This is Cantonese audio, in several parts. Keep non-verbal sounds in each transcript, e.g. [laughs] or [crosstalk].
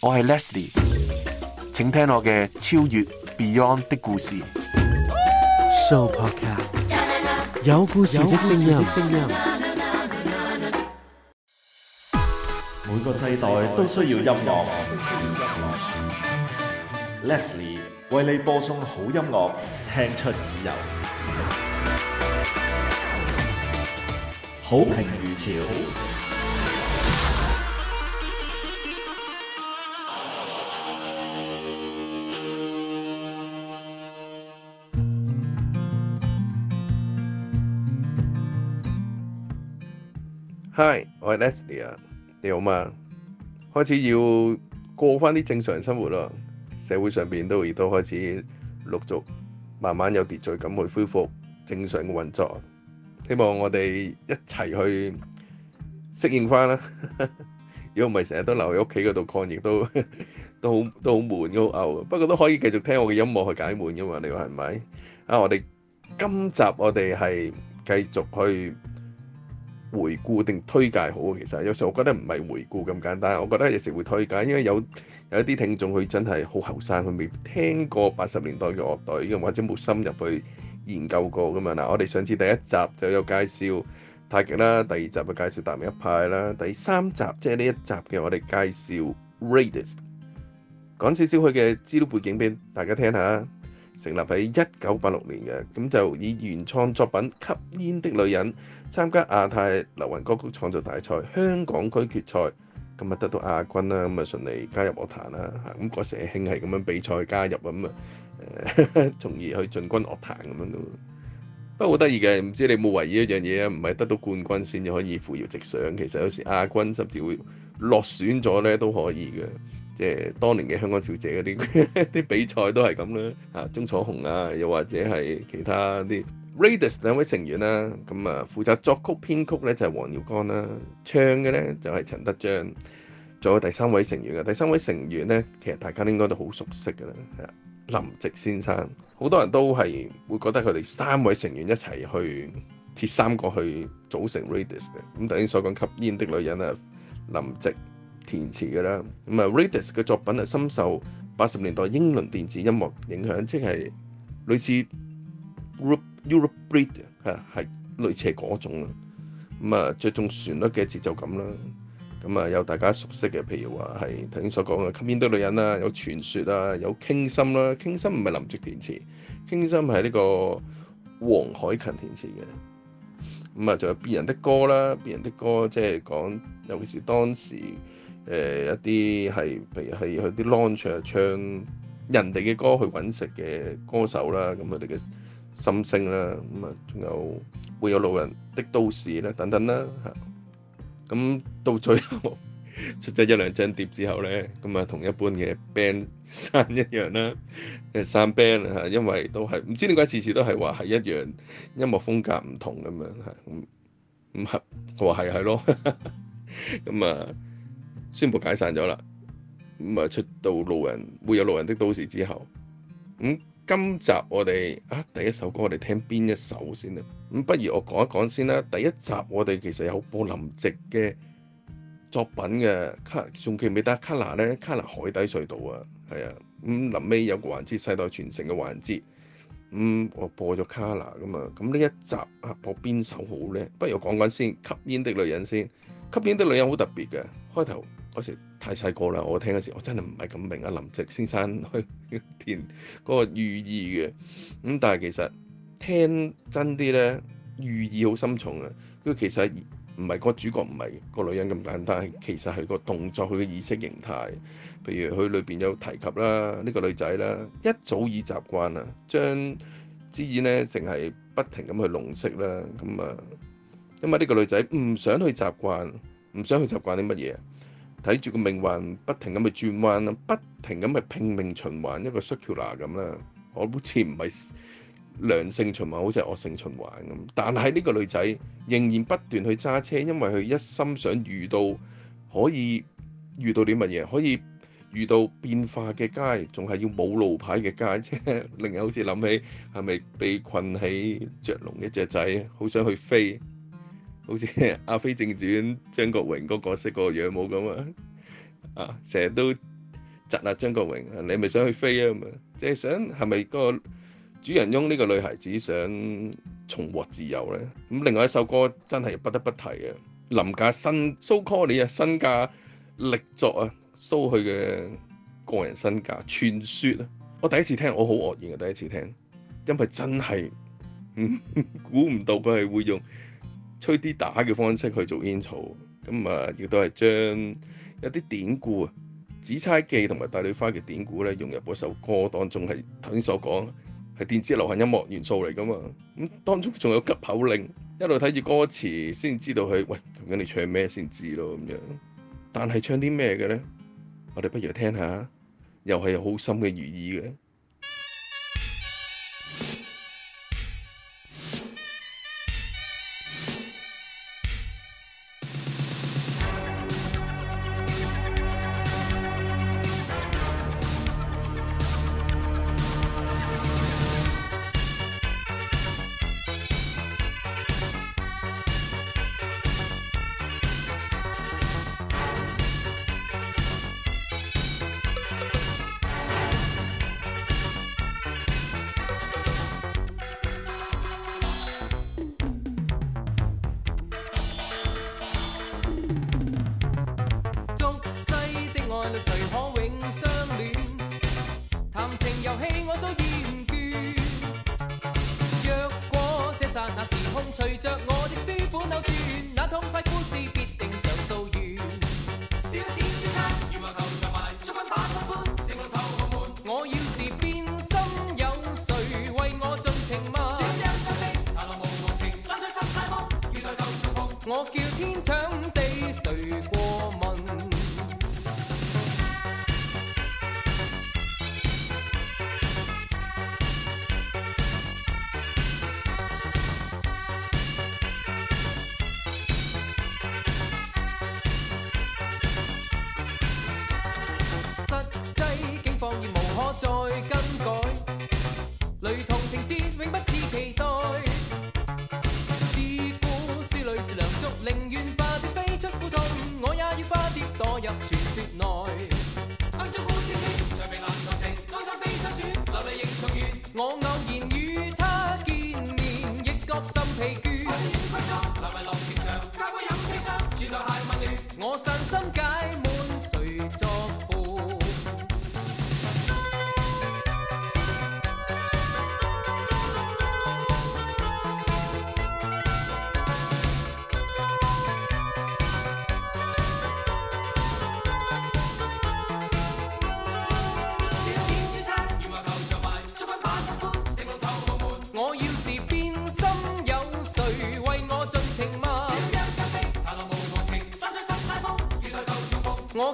我係 Leslie，請聽我嘅超越 Beyond 的故事。Show Podcast 有故事的聲音。每個世代都需要音樂。Leslie 為你播送好音樂，聽出耳油，好評如潮。Hi，我係 Leslie，你好嗎？開始要過翻啲正常生活啦，社會上邊都亦都開始陸續慢慢有秩序咁去恢復正常嘅運作。希望我哋一齊去適應翻啦，如果唔係成日都留喺屋企嗰度抗疫，都都好都好悶，都好嘔。不過都可以繼續聽我嘅音樂去解悶噶嘛？你話係咪？啊，我哋今集我哋係繼續去。回顧定推介好，其實有時我覺得唔係回顧咁簡單，我覺得有時會推介，因為有有一啲聽眾佢真係好後生，佢未聽過八十年代嘅樂隊，又或者冇深入去研究過嘅嘛。嗱，我哋上次第一集就有介紹太極啦，第二集就介紹達明一派啦，第三集即係呢一集嘅我哋介紹 Raidas，講少少佢嘅資料背景俾大家聽下。成立喺一九八六年嘅，咁就以原創作品《吸煙的女人》。參加亞太流行歌曲創作大賽香港區決賽，今日得到亞軍啦，咁啊順利加入樂壇啦，嚇、那、咁個社興係咁樣比賽加入咁啊，嗯、 [laughs] 從而去進軍樂壇咁樣咯。不過好得意嘅，唔知你冇懷疑一樣嘢啊？唔係得到冠軍先可以扶搖直上，其實有時亞軍甚至會落選咗咧都可以嘅。即係當年嘅香港小姐嗰啲啲比賽都係咁啦，啊鍾楚紅啊，又或者係其他啲。Radius 兩位成員啦，咁啊負責作曲編曲咧就係黃耀光啦，唱嘅咧就係陳德章，仲有第三位成員啊，第三位成員咧其實大家應該都好熟悉噶啦，係啊林夕先生，好多人都係會覺得佢哋三位成員一齊去鐵三角去組成 Radius 嘅，咁頭先所講吸煙的女人啊，林夕填詞噶啦，咁啊 Radius 嘅作品係深受八十年代英倫電子音樂影響，即係類似 group。Eurobeat 嚇係類似係嗰種啊，咁啊著重旋律嘅節奏感啦，咁啊有大家熟悉嘅，譬如話係頭先所講嘅《吸引女人》啦，有傳說啦，有傾心啦，傾心唔係林夕填詞，傾心係呢個黃海芹填詞嘅，咁啊仲有別人的歌啦，別人的歌，人的歌即係講，尤其是當時誒、呃、一啲係譬如係去啲 lounge 唱人哋嘅歌去揾食嘅歌手啦，咁佢哋嘅。心聲啦，咁啊，仲有會有路人的都市啦，等等啦，嚇、嗯。咁到最後出咗一兩張碟之後咧，咁、嗯、啊，同一般嘅 band 散一樣啦，散 band 嚇、嗯，因為都係唔知點解次次都係話係一樣音樂風格唔同咁樣嚇，唔唔合，我話係係咯，咁啊、嗯，宣佈解散咗啦，咁、嗯、啊，出到路人會有路人的都市之後，咁、嗯。今集我哋啊第一首歌我哋聽邊一首先啊，咁不如我講一講先啦。第一集我哋其實有播林夕嘅作品嘅，卡仲記唔記得卡拉咧？卡拉海底隧道啊，係啊。咁臨尾有個環節，世代傳承嘅環節，咁、嗯、我播咗卡拉噶嘛。咁呢一集啊播邊首好咧？不如我講緊先，吸煙的女人先。吸煙的女人好特別嘅，開頭我時太細個啦！我聽嗰時，我真係唔係咁明阿、啊、林夕先生去填嗰個寓意嘅咁、嗯。但係其實聽真啲咧，寓意好深重嘅、啊。佢其實唔係個主角，唔係個女人咁簡單，其實係個動作，佢嘅意識形態。譬如佢裏邊有提及啦，呢個女仔啦，一早已習慣啦，將之演咧，淨係不停咁去弄識啦。咁啊，因為呢個女仔唔想去習慣，唔想去習慣啲乜嘢。睇住個命運不停咁去轉彎，不停咁去拼命循環，一個 circular 咁啦，我好似唔係良性循環，好似係惡性循環咁。但係呢個女仔仍然不斷去揸車，因為佢一心想遇到可以遇到啲乜嘢，可以遇到變化嘅街，仲係要冇路牌嘅街啫。令 [laughs] 人好似諗起係咪被困喺雀籠一隻仔，好想去飛。好似阿飛正傳張國榮嗰個角色嗰個樣冇咁啊！啊，成日都窒啊張國榮啊，你咪想去飛啊？就係想係咪個主人翁呢個女孩子想重獲自由咧？咁、嗯、另外一首歌真係不得不提啊！林家新蘇 call 你啊，so、you, 新家力作啊，蘇佢嘅個人身價傳説啊！我第一次聽我好愕然啊！第一次聽，因為真係估唔到佢係會用。吹啲打嘅方式去做 intro、啊，咁啊亦都係將一啲典故啊《紫釵記》同埋《帝女花》嘅典故咧，融入嗰首歌當中係頭先所講係電子流行音樂元素嚟㗎嘛。咁當中仲有急口令，一路睇住歌詞先知道佢喂究竟你唱咩先知咯咁樣。但係唱啲咩嘅咧？我哋不如聽，聽下，又係有好深嘅寓意嘅。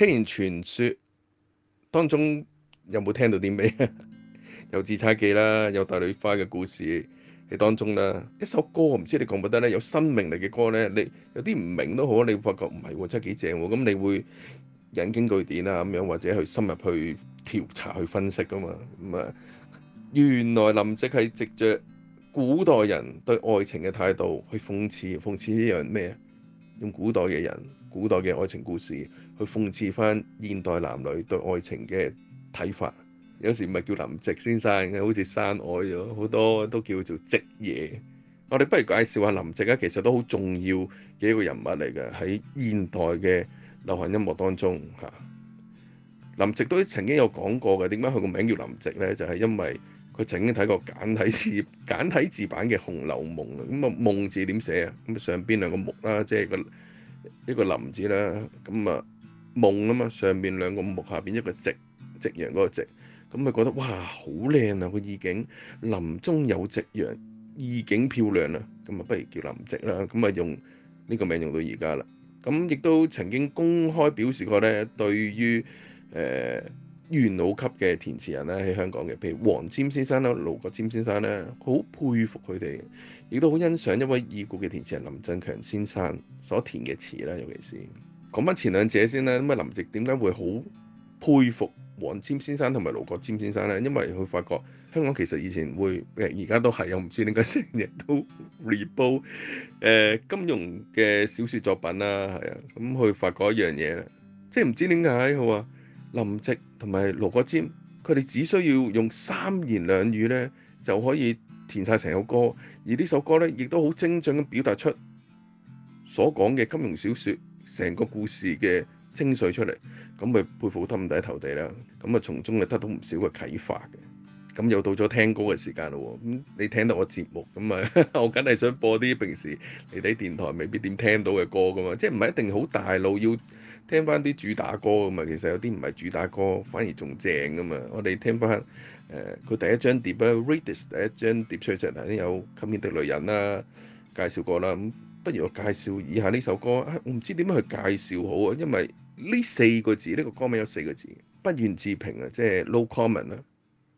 聽完傳説當中有冇聽到啲咩啊？ [laughs] 有自猜忌啦，有大女花嘅故事喺當中啦。一首歌我唔知你覺唔覺得咧，有生命力嘅歌咧，你有啲唔明都好，你會發覺唔係真係幾正喎。咁你會引經據典啊咁樣，或者去深入去調查去分析噶嘛。咁啊，原來林夕係藉着古代人對愛情嘅態度去諷刺諷刺一樣咩？用古代嘅人、古代嘅愛情故事。去諷刺翻現代男女對愛情嘅睇法，有時唔係叫林夕先生嘅，好似山外咗好多都叫做職嘢。我哋不如介紹下林夕啊，其實都好重要嘅一個人物嚟嘅喺現代嘅流行音樂當中嚇。林夕都曾經有講過嘅，點解佢個名叫林夕呢？就係因為佢曾經睇過簡體字簡體字版嘅《紅樓夢》啊。咁啊，夢字點寫啊？咁上邊兩個木啦，即係個一個林字啦，咁啊。夢啊嘛，上面兩個木，下邊一個夕夕陽嗰個夕，咁咪覺得哇，好靚啊個意境，林中有夕陽，意境漂亮啊。咁啊不如叫林夕啦，咁啊用呢個名用到而家啦。咁亦都曾經公開表示過咧，對於誒、呃、元老級嘅填詞人咧喺香港嘅，譬如黃霑先生啦、盧國沾先生咧，好佩服佢哋，亦都好欣賞一位已故嘅填詞人林振強先生所填嘅詞啦，尤其是。講翻前兩者先啦，咁啊林夕點解會好佩服黃霑先生同埋盧國沾先生咧？因為佢發覺香港其實以前會，而家都係，我唔知點解成日都 reboot 誒金庸嘅小説作品啦，係啊，咁、嗯、佢發覺一樣嘢咧，即係唔知點解佢話林夕同埋盧國沾，佢哋只需要用三言兩語咧，就可以填晒成首歌，而呢首歌咧亦都好精準咁表達出所講嘅金庸小説。成個故事嘅精髓出嚟，咁咪佩服得五體投地啦！咁啊，從中啊得到唔少嘅啟發嘅。咁又到咗聽歌嘅時間啦喎！咁你聽到我節目，咁啊，我梗係想播啲平時你哋喺電台未必點聽到嘅歌噶嘛。即係唔係一定好大路要聽翻啲主打歌噶嘛？其實有啲唔係主打歌，反而仲正噶嘛。我哋聽翻誒佢第一張碟啦，Raidas 第一張碟出嚟，有《吸煙的女人》啦，介紹過啦咁。不如我介紹以下呢首歌，啊、我唔知點樣去介紹好啊，因為呢四個字呢，呢個歌名有四個字，不願置評啊，即係 no comment 啦。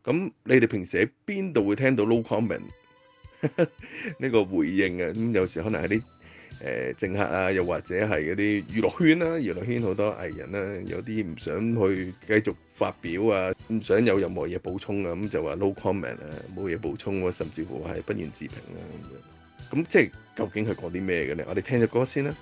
咁你哋平時喺邊度會聽到 no comment 呢 [laughs] 個回應啊？咁有時可能係啲誒政客啊，又或者係嗰啲娛樂圈啦，啊，娛樂圈好多藝人啦，啊，有啲唔想去繼續發表啊，唔想有任何嘢補充啊，咁就話 no comment 啊，冇嘢補充喎，啊，甚至乎係不願置評啦咁樣。咁、嗯、即係究竟佢講啲咩嘅咧？我哋聽隻歌先啦。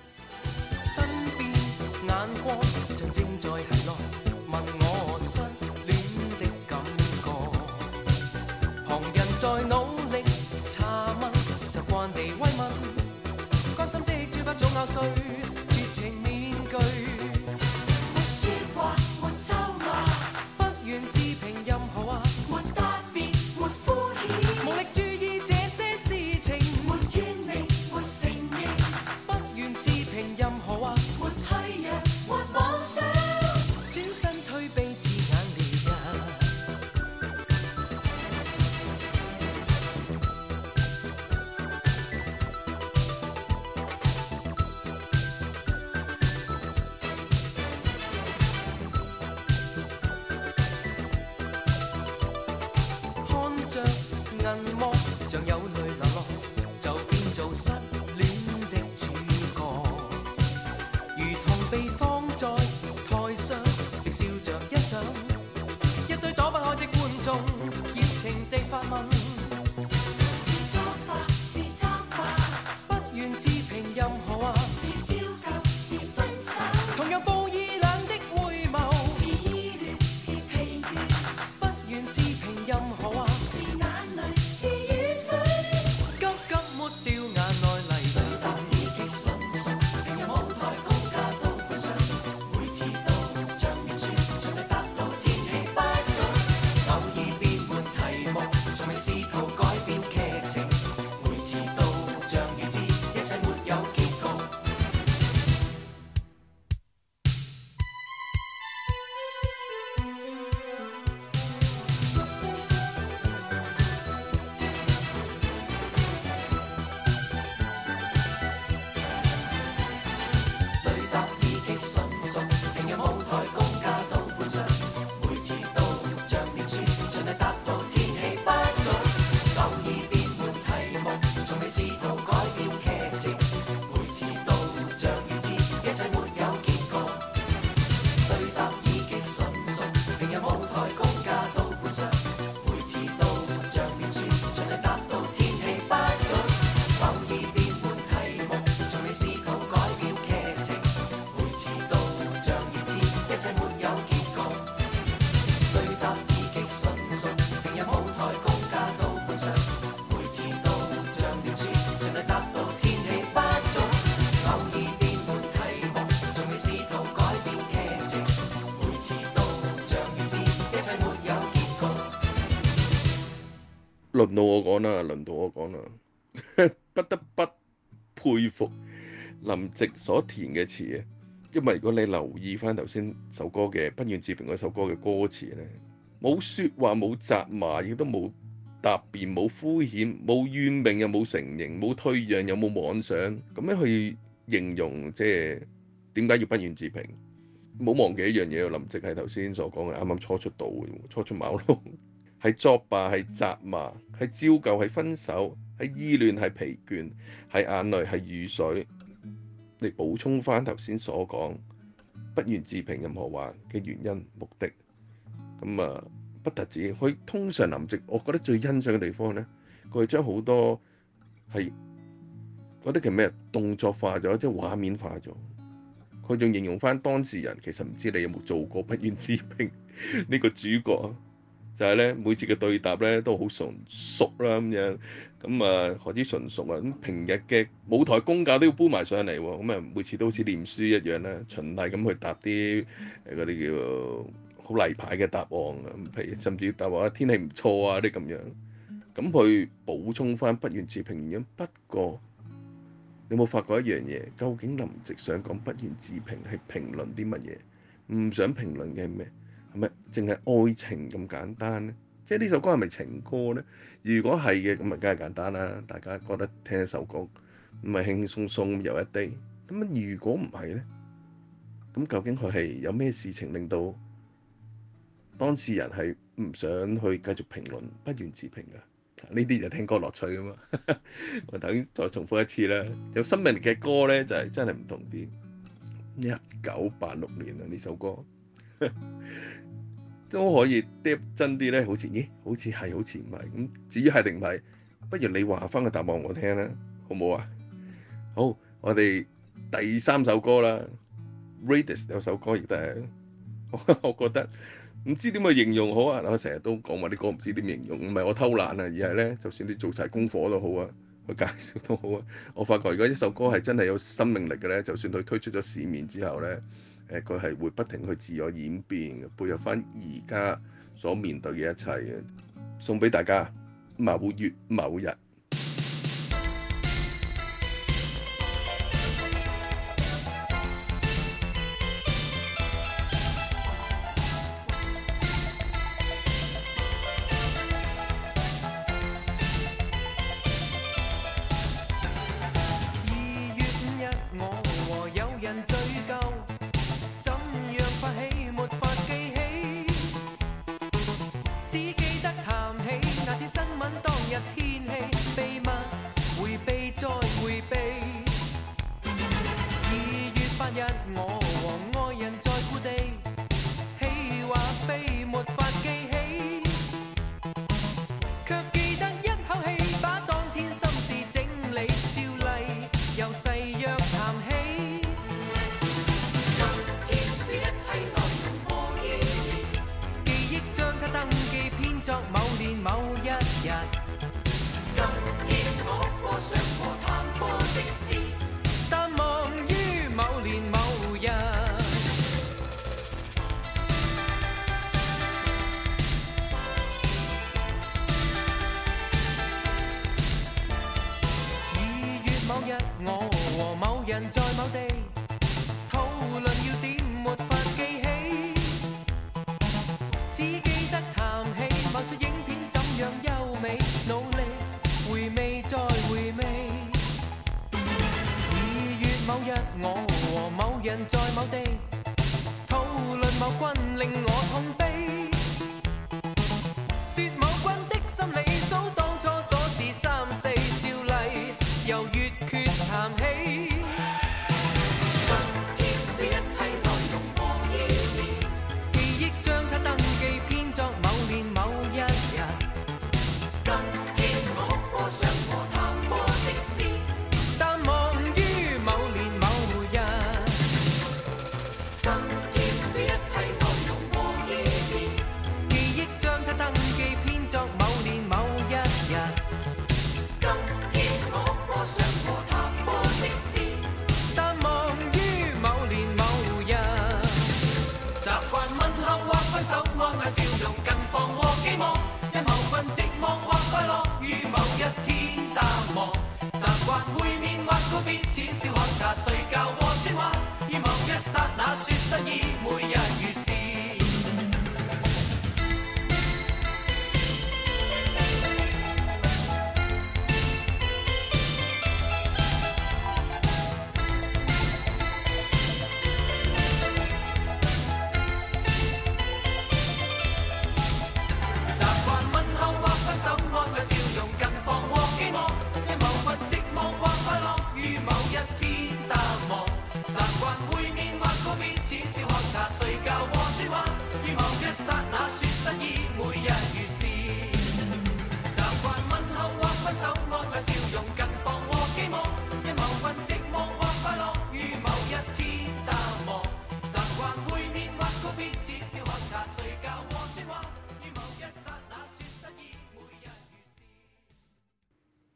輪到我講啦，輪到我講啦， [laughs] 不得不佩服林夕所填嘅詞啊！因為如果你留意翻頭先首歌嘅《 [laughs] 不願自評》嗰首歌嘅歌詞咧，冇説話冇責罵，亦都冇答辯，冇敷衍，冇怨命又冇承認，冇退讓又冇妄想，咁樣去形容即係點解要不願自評？冇忘記一樣嘢，林夕係頭先所講嘅，啱啱初出道，初出茅廬。 [laughs] 係作罷，係責罵，係照舊，係分手，係意亂，係疲倦，係眼淚，係雨水。你補充翻頭先所講，不願自評任何話嘅原因、目的。咁啊，不特止佢通常林夕，我覺得最欣賞嘅地方咧，佢將好多係，嗰啲叫咩啊？動作化咗，即係畫面化咗。佢仲形容翻當事人，其實唔知道你有冇做過不願自評呢 [laughs] 個主角？就係咧，每次嘅對答咧都好純熟啦咁樣。咁啊何止純熟啊？咁平日嘅舞台功架都要搬埋上嚟喎，咁啊每次都好似念書一樣啦，循例咁去答啲，誒嗰啲叫好例牌嘅答案，譬如甚至答話天氣唔錯啊啲咁樣，咁去補充翻不願自評原因。不過你有冇發覺一樣嘢？究竟林夕想講不願自評係評論啲乜嘢？唔想評論嘅係咩？係咪淨係愛情咁簡單咧？即係呢首歌係咪情歌咧？如果係嘅，咁咪梗係簡單啦。大家覺得聽一首歌咪輕輕鬆鬆又一 day。咁如果唔係咧，咁究竟佢係有咩事情令到當事人係唔想去繼續評論、不願自評嘅？呢啲就聽歌樂趣㗎嘛。我等於再重複一次啦。有生命力嘅歌咧，就係真係唔同啲。一九八六年啊，呢首歌。 [laughs] 都可以 d e 真啲咧，好似咦，好似係，好似唔係咁。至於係定唔係，不如你話翻個答案我聽啦，好唔好啊？好，我哋第三首歌啦，Raiders 有首歌亦都係，我 [laughs] 我覺得唔知點去形容好啊。我成日都講埋啲歌，唔知點形容，唔係我偷懶啊，而係咧，就算你做齊功課都好啊，去介紹都好啊。我發覺如果一首歌係真係有生命力嘅咧，就算佢推出咗市面之後咧。誒佢係會不停去自我演變，配合返而家所面對嘅一切，送畀大家，某月某日。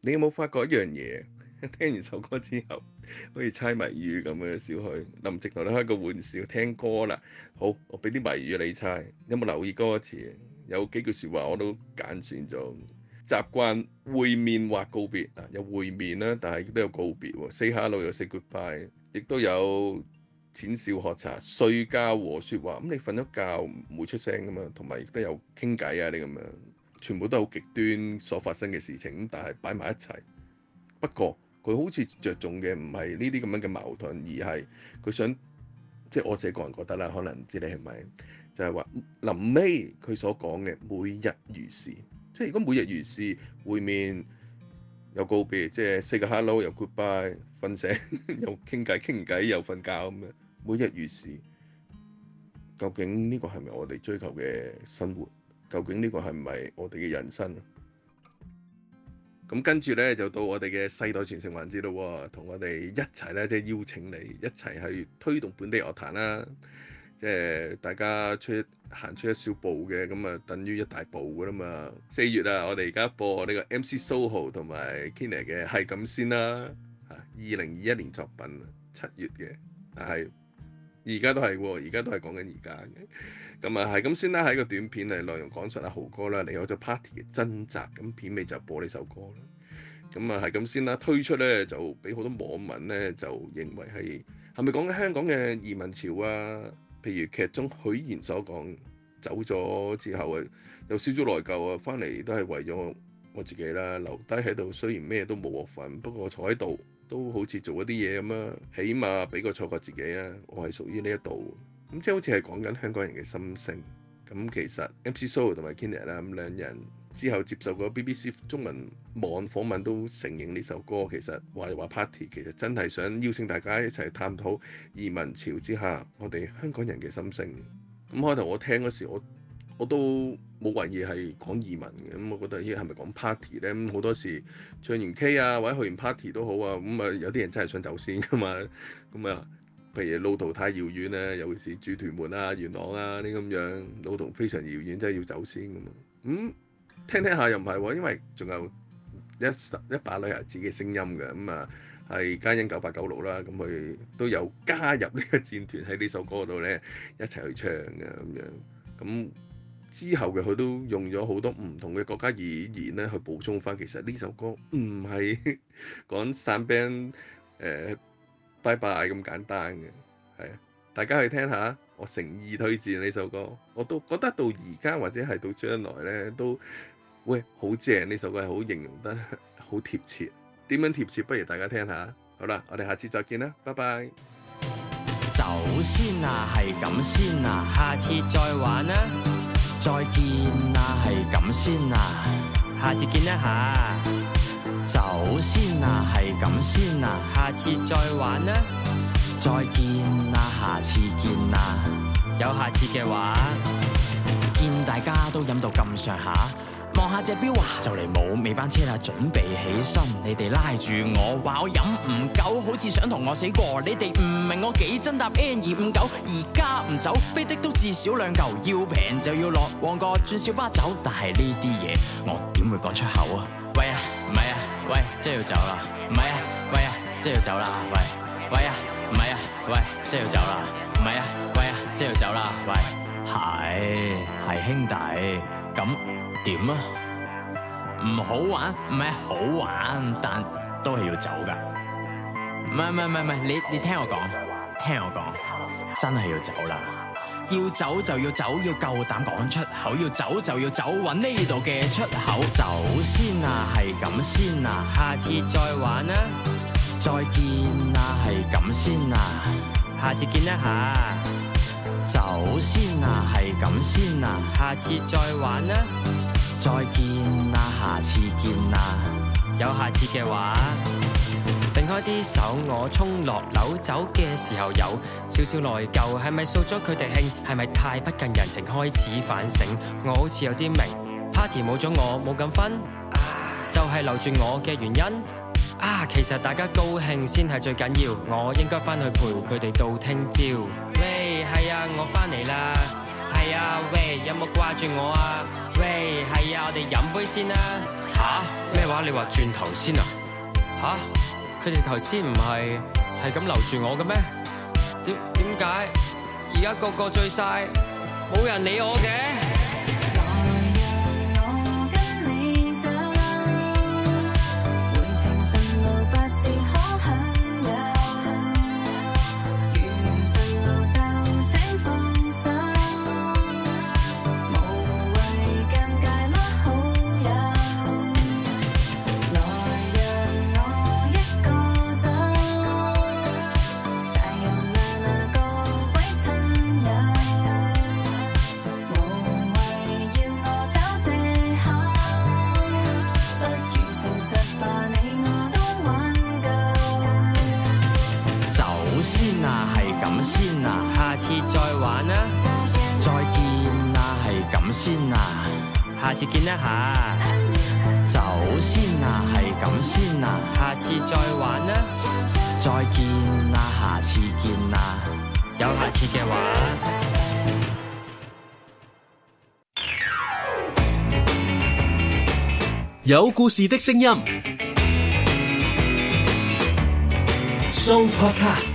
你有冇發覺一樣嘢？聽完首歌之後， [laughs] 好似猜謎語咁樣小區，林夕同你開個玩笑聽歌啦。好，我俾啲謎語你猜。你有冇留意歌詞？有幾句説話我都揀選咗。習慣會面或告別，嗱，有會面啦，但係亦都有告別喎。Say hello 有 say goodbye，亦都有淺笑喝茶、睡覺和説話。咁你瞓咗覺唔會出聲噶嘛，同埋亦都有傾偈啊，你咁樣。全部都好極端所發生嘅事情，但係擺埋一齊。不過佢好似着重嘅唔係呢啲咁樣嘅矛盾，而係佢想，即係我自己個人覺得啦，可能唔知你係咪就係話臨尾佢所講嘅每日如是。即係如果每日如是會面又告別，即係 say hello good bye, [laughs] 又 goodbye，瞓醒又傾偈傾偈又瞓覺咁樣，每日如是，究竟呢個係咪我哋追求嘅生活？究竟呢個係唔係我哋嘅人生？咁跟住呢，就到我哋嘅世代傳承環節咯，同我哋一齊咧，即係邀請你一齊去推動本地樂壇啦，即係大家出行出一小步嘅，咁啊等於一大步噶啦嘛。四月啊，我哋而家播呢個 MC Soho 同埋 KidNey 嘅，係咁先啦。嚇，二零二一年作品，七月嘅，但係而家都係喎，而家都係講緊而家嘅。咁啊，係咁先啦，喺個短片嚟內容講述阿豪哥啦，你有咗 party 嘅掙扎，咁片尾就播呢首歌啦。咁啊，係咁先啦。推出咧就俾好多網民咧就認為係係咪講緊香港嘅移民潮啊？譬如劇中許賢所講，走咗之後啊，有少少內疚啊，翻嚟都係為咗我自己啦，留低喺度，雖然咩都冇我份，不過坐喺度都好似做一啲嘢咁啊，起碼俾個錯覺自己啊，我係屬於呢一度。咁即係好似係講緊香港人嘅心聲。咁其實 MC Soho 同埋 KidNey 啦，咁兩人之後接受過 B.B.C 中文網訪問，都承認呢首歌其實話話 Party 其實真係想邀請大家一齊探討移民潮之下我哋香港人嘅心聲。咁開頭我聽嗰時，我我都冇懷疑係講移民嘅。咁、嗯、我覺得呢係咪講 Party 咧？咁、嗯、好多時唱完 K 啊，或者去完 Party 都好啊。咁、嗯、啊，有啲人真係想走先㗎嘛。咁、嗯、啊。嗯譬如路途太遙遠咧，尤其是住屯門啊、元朗啊呢咁樣，路途非常遙遠，真係要先走先咁啊。咁、嗯、聽聽下又唔係喎，因為仲有一十一把女孩子嘅聲音嘅，咁啊係嘉欣九八九六啦，咁佢都有加入呢個戰團喺呢首歌度咧，一齊去唱嘅咁樣。咁之後嘅佢都用咗好多唔同嘅國家語言咧去補充返，其實呢首歌唔係 [laughs] 講散 band 誒。Band, 呃拜拜咁簡單嘅，係大家去聽下，我誠意推薦呢首歌，我都覺得到而家或者係到將來呢，都喂，好正呢首歌，係好形容得好貼切。點樣貼切？不如大家聽下。好啦，我哋下次再見啦，拜拜。走先啊，係咁先啊，下次再玩啦、啊。再見啊，係咁先啊，下次見啦下！走先啊，係咁先啊，下次再玩啦，再見啦，下次見啦，有下次嘅話，見大家都飲到咁上下，望下隻表啊，就嚟冇尾班車啦，準備起身，你哋拉住我，話我飲唔夠，好似想同我死過，你哋唔明我幾真搭 N 二五九，而家唔走，飛的都至少兩嚿，要平就要落旺角轉小巴走，但係呢啲嘢我點會講出口啊？走啦，唔係啊，喂啊，即係要走啦，喂，喂啊，唔係啊，喂，即係要走啦，唔係啊，喂啊，即係要走啦，喂，係，係兄弟，咁點啊？唔好玩，唔係好玩，但都係要走噶。唔係唔係唔係，你你聽我講，聽我講，真係要走啦。要走就要走，要夠膽講出口。要走就要走，搵呢度嘅出口。 [music] 走先啊，係咁先啊，下次再玩啦，啊。再見啊，係咁先啊，下次見啦吓。 [music] 走先啊，係咁先啊，下次再玩啦，啊。再見啊，下次見啊，有下次嘅話。擲開啲手，我衝落樓走嘅時候有少少內疚，係咪掃咗佢哋興？係咪太不近人情？開始反省，我好似有啲明。Party 冇咗我冇咁分，就係留住我嘅原因。啊，其實大家高興先係最緊要，我應該翻去陪佢哋到聽朝。喂，係啊，我翻嚟啦。係啊，喂，有冇掛住我啊？喂，係啊，我哋飲杯先啊。吓？咩話？你話轉頭先啊？吓？佢哋頭先唔係係咁留住我嘅咩？點點解而家個個醉曬，冇人理我嘅？有下次嘅話， [noise] 有故事的聲音 Show Podcast。